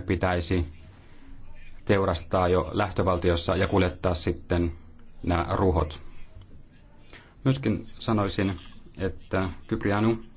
pitäisi teurastaa jo lähtövaltiossa ja kuljettaa sitten nämä ruhot. Myöskin sanoisin, että Kyprianu